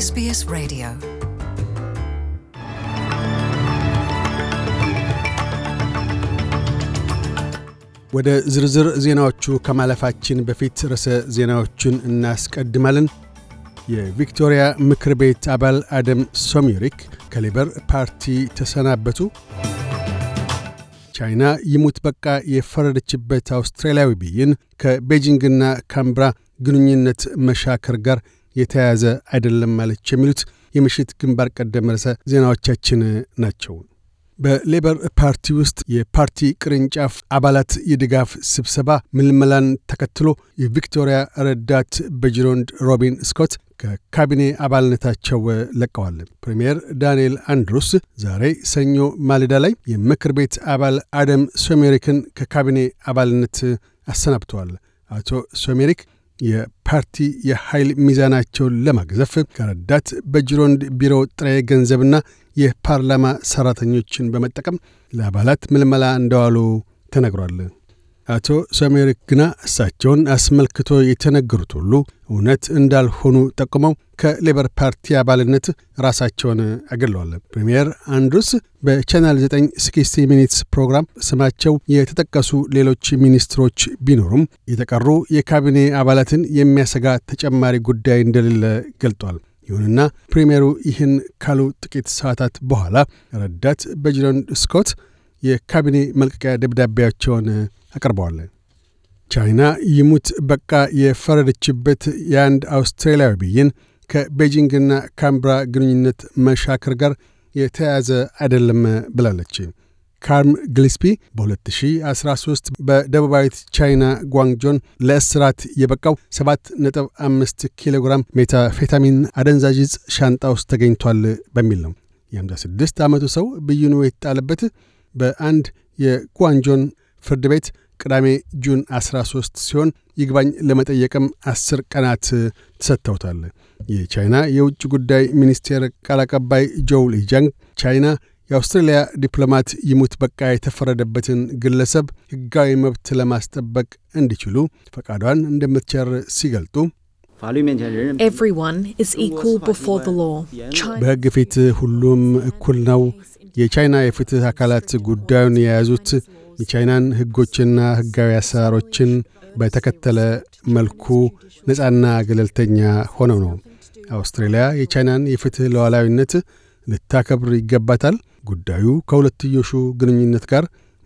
SBS Radio ወደ ዝርዝር ዜናዎቹ ከማለፋችን በፊት ርዕሰ ዜናዎቹን እናስቀድማለን። የቪክቶሪያ ምክር ቤት አባል አደም ሶሚሪክ ከሌበር ፓርቲ ተሰናበቱ። ቻይና ይሙት በቃ የፈረደችበት አውስትራሊያዊ ብይን ከቤጂንግና ካምብራ ግንኙነት መሻከር ጋር የተያያዘ አይደለም ማለች የሚሉት የምሽት ግንባር ቀደም ርዕሰ ዜናዎቻችን ናቸው። በሌበር ፓርቲ ውስጥ የፓርቲ ቅርንጫፍ አባላት የድጋፍ ስብሰባ ምልመላን ተከትሎ የቪክቶሪያ ረዳት በጅሮንድ ሮቢን ስኮት ከካቢኔ አባልነታቸው ለቀዋል። ፕሪምየር ዳንኤል አንድሩስ ዛሬ ሰኞ ማለዳ ላይ የምክር ቤት አባል አደም ሶሜሪክን ከካቢኔ አባልነት አሰናብተዋል። አቶ ሶሜሪክ የፓርቲ የኃይል ሚዛናቸውን ለማግዘፍ ከረዳት በጅሮንድ ቢሮ ጥሬ ገንዘብና የፓርላማ ሠራተኞችን በመጠቀም ለአባላት ምልመላ እንደዋሉ ተነግሯል። አቶ ሰሜር ግና እሳቸውን አስመልክቶ የተነገሩት ሁሉ እውነት እንዳልሆኑ ጠቁመው ከሌበር ፓርቲ አባልነት ራሳቸውን አገለዋል። ፕሪምየር አንድሩስ በቻናል 9 60 ሚኒትስ ፕሮግራም ስማቸው የተጠቀሱ ሌሎች ሚኒስትሮች ቢኖሩም የተቀሩ የካቢኔ አባላትን የሚያሰጋ ተጨማሪ ጉዳይ እንደሌለ ገልጧል። ይሁንና ፕሪምየሩ ይህን ካሉ ጥቂት ሰዓታት በኋላ ረዳት በጅሮን ስኮት የካቢኔ መልቀቂያ ደብዳቤያቸውን አቀርበዋለን። ቻይና ይሙት በቃ የፈረደችበት የአንድ አውስትራሊያዊ ብይን ከቤጂንግና ካምብራ ግንኙነት መሻከር ጋር የተያያዘ አይደለም ብላለች። ካርም ግሊስፒ በ2013 በደቡባዊት ቻይና ጓንግጆን ለእስራት የበቃው 7.5 ኪሎ ግራም ሜታፌታሚን አደንዛዥ ሻንጣ ውስጥ ተገኝቷል በሚል ነው። የ56 ዓመቱ ሰው ብይኑ የተጣለበት በአንድ የጓንጆን ፍርድ ቤት ቅዳሜ ጁን 13 ሲሆን ይግባኝ ለመጠየቅም አስር ቀናት ተሰጥተውታል። የቻይና የውጭ ጉዳይ ሚኒስቴር ቃል አቀባይ ጆው ሊጃንግ ቻይና የአውስትራሊያ ዲፕሎማት ይሙት በቃ የተፈረደበትን ግለሰብ ሕጋዊ መብት ለማስጠበቅ እንዲችሉ ፈቃዷን እንደምትቸር ሲገልጡ በሕግ ፊት ሁሉም እኩል ነው። የቻይና የፍትሕ አካላት ጉዳዩን የያዙት የቻይናን ሕጎችና ሕጋዊ አሰራሮችን በተከተለ መልኩ ነፃና ገለልተኛ ሆነው ነው። አውስትራሊያ የቻይናን የፍትሕ ሉዓላዊነት ልታከብር ይገባታል። ጉዳዩ ከሁለትዮሹ ግንኙነት ጋር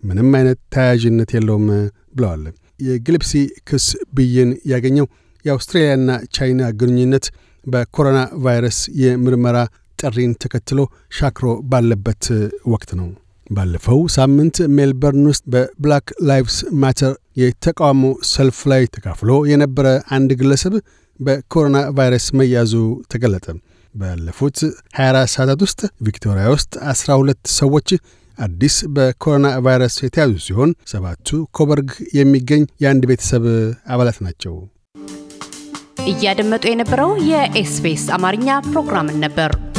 ምንም አይነት ተያያዥነት የለውም ብለዋል። የግልፕሲ ክስ ብይን ያገኘው የአውስትራሊያና ቻይና ግንኙነት በኮሮና ቫይረስ የምርመራ ጥሪን ተከትሎ ሻክሮ ባለበት ወቅት ነው። ባለፈው ሳምንት ሜልበርን ውስጥ በብላክ ላይቭስ ማተር የተቃውሞ ሰልፍ ላይ ተካፍሎ የነበረ አንድ ግለሰብ በኮሮና ቫይረስ መያዙ ተገለጠ። ባለፉት 24 ሰዓታት ውስጥ ቪክቶሪያ ውስጥ 12 ሰዎች አዲስ በኮሮና ቫይረስ የተያዙ ሲሆን ሰባቱ ኮበርግ የሚገኝ የአንድ ቤተሰብ አባላት ናቸው። እያደመጡ የነበረው የኤስቢኤስ አማርኛ ፕሮግራምን ነበር።